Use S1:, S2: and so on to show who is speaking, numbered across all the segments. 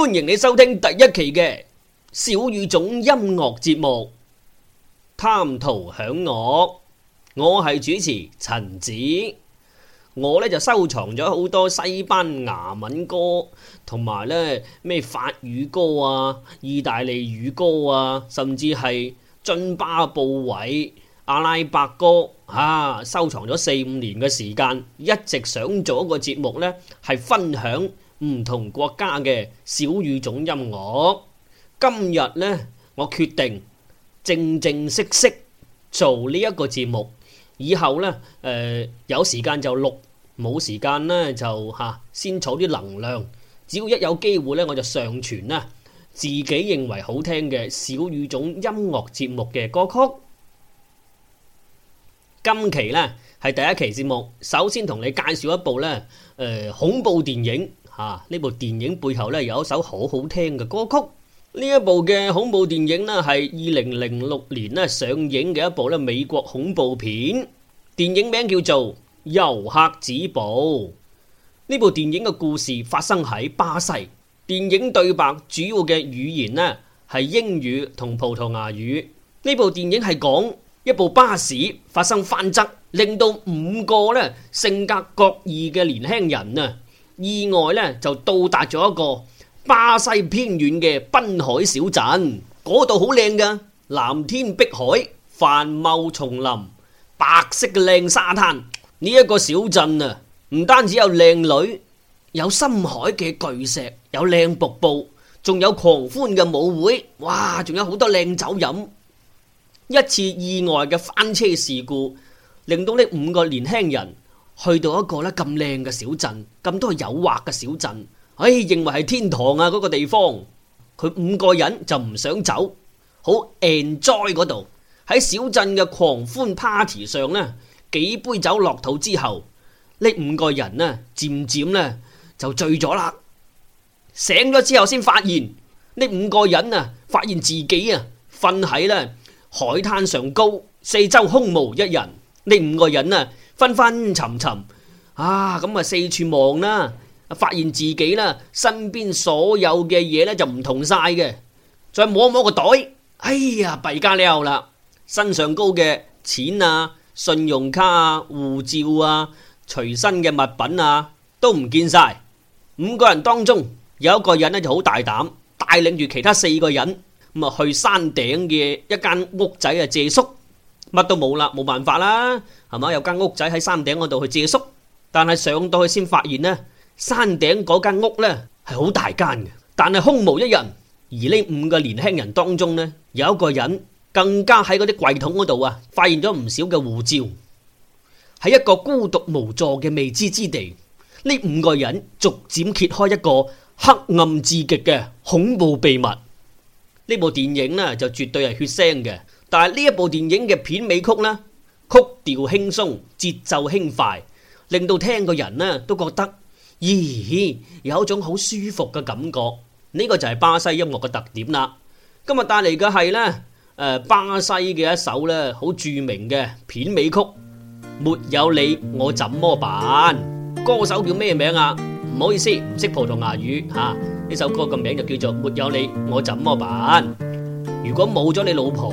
S1: 歡迎你收聽第一期嘅小語種音樂節目《貪圖響樂》，我係主持陳子，我咧就收藏咗好多西班牙文歌，同埋咧咩法語歌啊、意大利語歌啊，甚至係津巴布韋、阿拉伯歌，吓、啊、收藏咗四五年嘅時間，一直想做一個節目咧，係分享。唔同國家嘅小語種音樂，今日呢，我決定正正式式做呢一個節目。以後呢，誒、呃、有時間就錄，冇時間呢就吓、啊、先儲啲能量。只要一有機會呢，我就上傳呢自己認為好聽嘅小語種音樂節目嘅歌曲。今期呢係第一期節目，首先同你介紹一部呢誒、呃、恐怖電影。啊！呢部電影背後咧，有一首好好聽嘅歌曲。呢一部嘅恐怖電影呢，係二零零六年咧上映嘅一部咧美國恐怖片。電影名叫做《遊客止步》。呢部電影嘅故事發生喺巴西。電影對白主要嘅語言呢係英語同葡萄牙語。呢部電影係講一部巴士發生翻側，令到五個咧性格各異嘅年輕人啊。意外咧就到達咗一個巴西偏遠嘅濱海小鎮，嗰度好靚噶，藍天碧海，繁茂叢林，白色嘅靚沙灘。呢一個小鎮啊，唔單止有靚女，有深海嘅巨石，有靚瀑布，仲有狂歡嘅舞會，哇！仲有好多靚酒飲。一次意外嘅翻車事故，令到呢五個年輕人。去到一個咧咁靚嘅小鎮，咁多誘惑嘅小鎮，誒、哎、認為係天堂啊嗰、那個地方，佢五個人就唔想走，好 enjoy 嗰度。喺小鎮嘅狂歡 party 上咧，幾杯酒落肚之後，呢五個人咧漸漸呢，就醉咗啦。醒咗之後先發現呢五個人啊，發現自己啊瞓喺呢海灘上高，四周空無一人，呢五個人啊。昏昏沉沉啊，咁啊四處望啦，發現自己啦，身邊所有嘅嘢，咧就唔同晒嘅。再摸摸個袋，哎呀弊家伙啦！身上高嘅錢啊、信用卡啊、護照啊、隨身嘅物品啊，都唔見晒。五個人當中有一個人咧就好大膽，帶領住其他四個人咁啊去山頂嘅一間屋仔啊借宿。乜都冇啦，冇辦法啦，係嘛？有間屋仔喺山頂嗰度去借宿，但係上到去先發現呢，山頂嗰間屋呢係好大間嘅，但係空無一人。而呢五個年輕人當中呢，有一個人更加喺嗰啲櫃桶嗰度啊，發現咗唔少嘅護照。喺一個孤獨無助嘅未知之地，呢五個人逐漸揭開一個黑暗至極嘅恐怖秘密。呢部電影呢就絕對係血腥嘅。但係呢一部電影嘅片尾曲呢，曲調輕鬆，節奏輕快，令到聽個人呢都覺得，咦，有一種好舒服嘅感覺。呢個就係巴西音樂嘅特點啦。今日帶嚟嘅係呢巴西嘅一首咧，好著名嘅片尾曲《沒有你我怎麼辦》。歌手叫咩名啊？唔好意思，唔識葡萄牙語吓。呢首歌嘅名就叫做《沒有你我怎麼辦》。如果冇咗你老婆。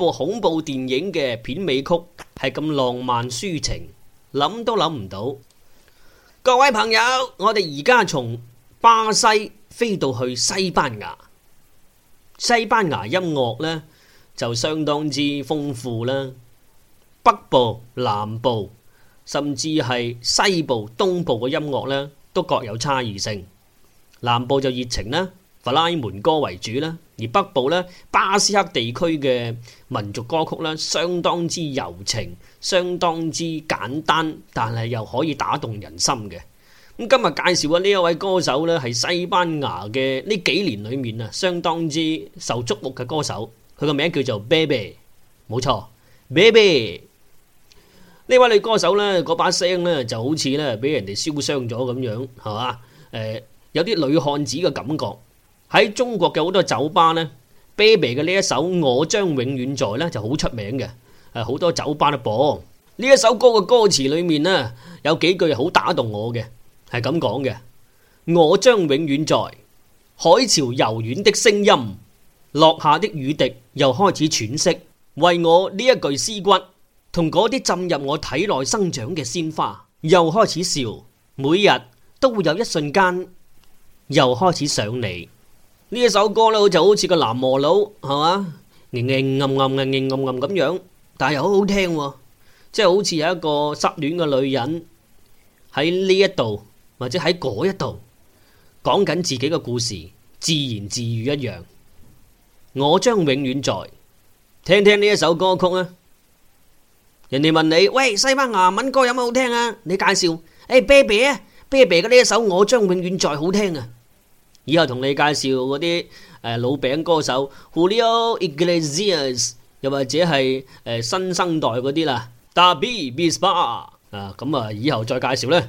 S1: 部恐怖電影嘅片尾曲係咁浪漫抒情，諗都諗唔到。各位朋友，我哋而家從巴西飛到去西班牙，西班牙音樂呢就相當之豐富啦。北部、南部甚至係西部、東部嘅音樂呢都各有差異性。南部就熱情啦。弗拉門戈為主啦，而北部咧，巴斯克地區嘅民族歌曲咧，相當之柔情，相當之簡單，但係又可以打動人心嘅。咁今日介紹嘅呢一位歌手咧，係西班牙嘅呢幾年裏面啊，相當之受矚目嘅歌手。佢個名叫做 Bebe，冇錯，Bebe。呢位女歌手咧，嗰把聲咧就好似咧俾人哋燒傷咗咁樣，係嘛？誒，有啲女漢子嘅感覺。喺中國嘅好多酒吧呢 Baby 嘅呢一首《我將永遠在》呢就好出名嘅，係好多酒吧都播呢一首歌嘅歌詞裏面呢，有幾句好打動我嘅，係咁講嘅：我將永遠在海潮柔軟的聲音，落下的雨滴又開始喘息，為我呢一具屍骨同嗰啲浸入我體內生長嘅鮮花又開始笑，每日都會有一瞬間又開始想你。呢一首歌咧，就好似個男模佬，係嘛，硬硬暗暗、硬硬暗暗咁樣，但係又好好聽、哦，即係好似有一個失戀嘅女人喺呢一度或者喺嗰一度講緊自己嘅故事，自言自語一樣。我將永遠在，聽聽呢一首歌曲啊！人哋問你，喂，西班牙文歌有冇好聽啊？你介紹，誒，Baby，Baby 嘅呢一首我將永遠在好聽啊！以後同你介紹嗰啲誒，老餅歌手 Julio Iglesias，又或者係誒、呃、新生代嗰啲啦，David Bisbal 啊，咁啊以後再介
S2: 紹咧。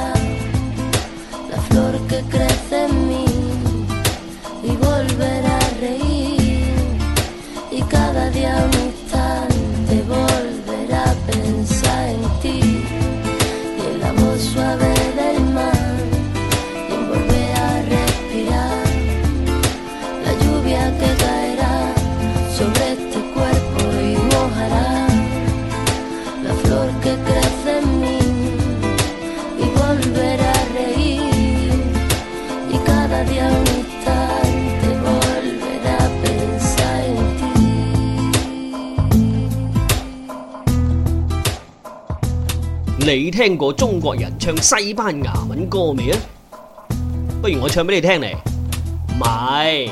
S1: 你聽過中國人唱西班牙文歌未啊？不如我唱俾你聽嚟。唔係，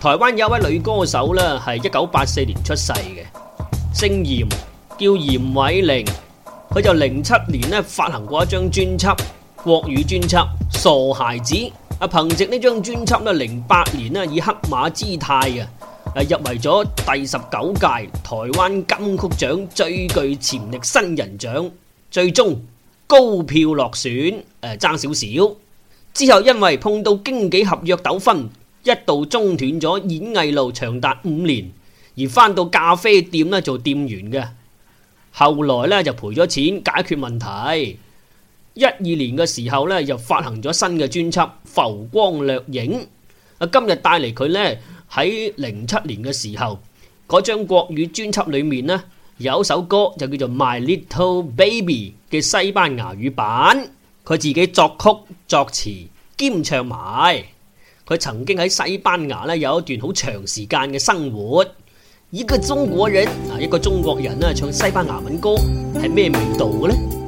S1: 台灣有位女歌手呢係一九八四年出世嘅，姓嚴，叫嚴偉玲。佢就零七年呢發行過一張專輯，國語專輯《傻孩子》。啊，憑借呢張專輯呢，零八年呢以黑馬姿態啊，入圍咗第十九屆台灣金曲獎最具潛力新人獎。最終高票落選，誒爭少少。之後因為碰到經紀合約糾紛，一度中斷咗演藝路長達五年，而返到咖啡店咧做店員嘅。後來咧就賠咗錢解決問題。一二年嘅時候咧又發行咗新嘅專輯《浮光掠影》。啊，今日帶嚟佢咧喺零七年嘅時候嗰張國語專輯裏面呢，有一首歌就叫做《My Little Baby》嘅西班牙語版，佢自己作曲作詞兼唱埋。佢曾經喺西班牙咧有一段好長時間嘅生活。一個中國人啊，一個中國人咧唱西班牙文歌係咩味道嘅呢？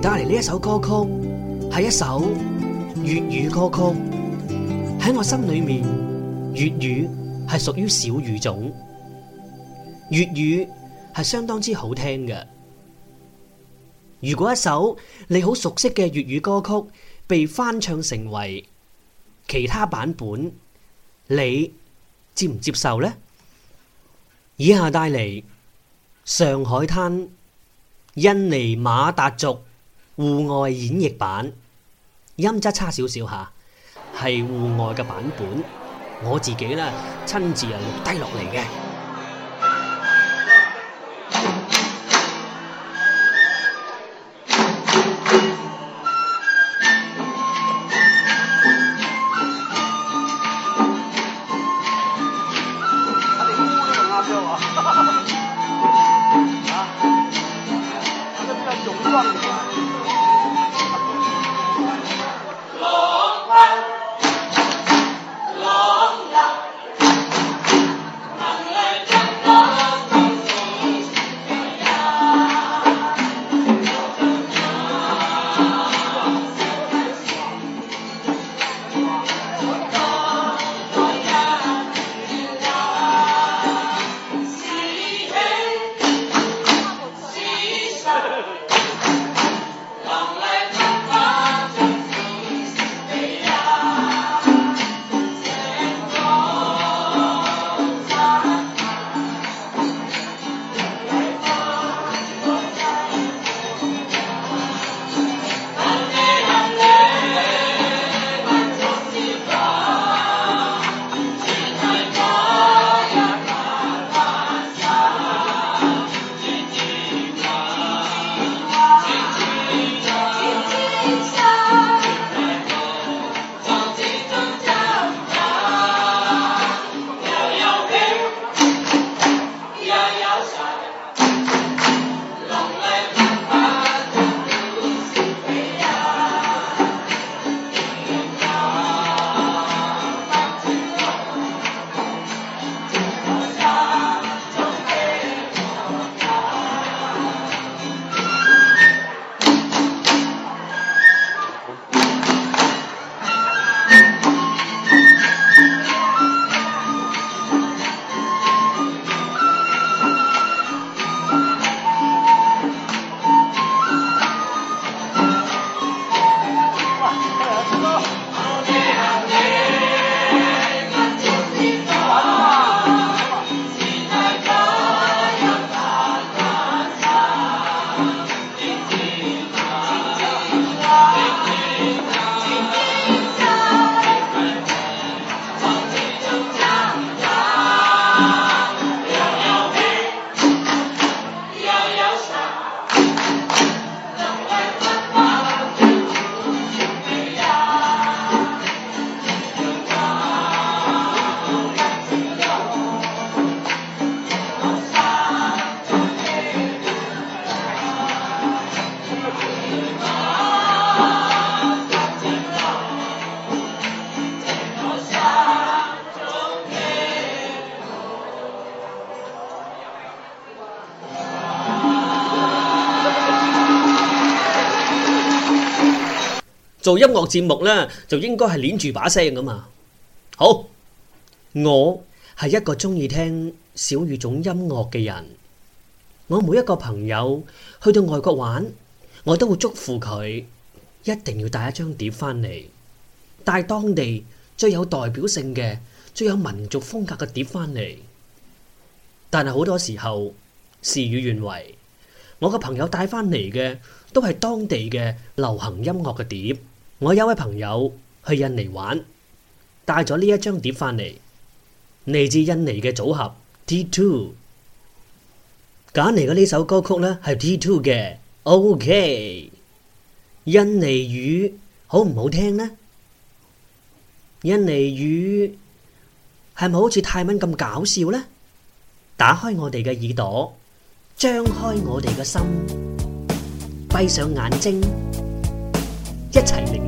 S1: 帶嚟呢一首歌曲係一首粵語歌曲，喺我心裏面，粵語係屬於小語種。粵語係相當之好聽嘅。如果一首你好熟悉嘅粵語歌曲被翻唱成為其他版本，你接唔接受呢？以下帶嚟《上海灘》印尼馬達族。戶外演繹版，音質差少少吓，係戶外嘅版本，我自己呢親自啊錄低落嚟嘅。做音樂節目咧，就應該係捏住把聲㗎嘛。好，我係一個中意聽小語種音樂嘅人。我每一個朋友去到外國玩，我都會祝福佢一定要帶一張碟翻嚟，帶當地最有代表性嘅、最有民族風格嘅碟翻嚟。但係好多時候事與願違，我個朋友帶翻嚟嘅都係當地嘅流行音樂嘅碟。我有位朋友去印尼玩，帶咗呢一張碟翻嚟，嚟自印尼嘅組合 T Two，揀嚟嘅呢首歌曲呢係 T Two 嘅。OK，印尼語好唔好聽呢？印尼語係咪好似泰文咁搞笑呢？打開我哋嘅耳朵，張開我哋嘅心，閉上眼睛，一齊嚟。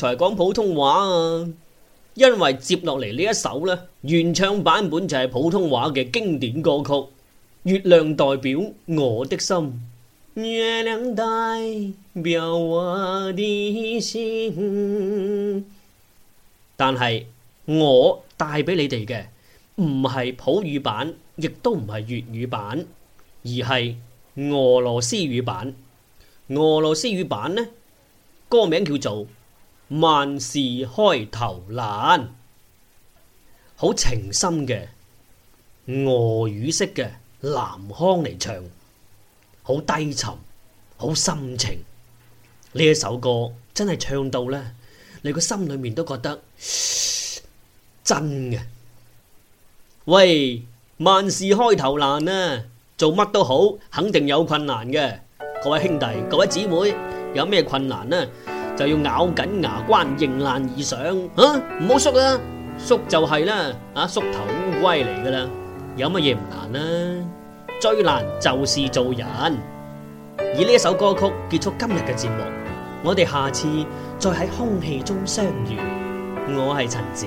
S1: 才講普通話啊，因為接落嚟呢一首呢，原唱版本就係普通話嘅經典歌曲《月亮代表我的心》。月亮代表我的心，但係我帶俾你哋嘅唔係普語版，亦都唔係粵語版，而係俄羅斯語版。俄羅斯語版呢，歌名叫做。萬事開頭難，好情深嘅俄語式嘅南腔嚟唱，好低沉，好深情。呢一首歌真係唱到咧，你個心裏面都覺得真嘅。喂，萬事開頭難啊，做乜都好，肯定有困難嘅。各位兄弟，各位姊妹，有咩困難呢？就要咬緊牙關，迎難而上。嚇，唔好縮啦，縮就係啦，啊，縮頭烏龜嚟㗎啦。有乜嘢唔難啊？最難就是做人。以呢一首歌曲結束今日嘅節目，我哋下次再喺空氣中相遇。我係陳子。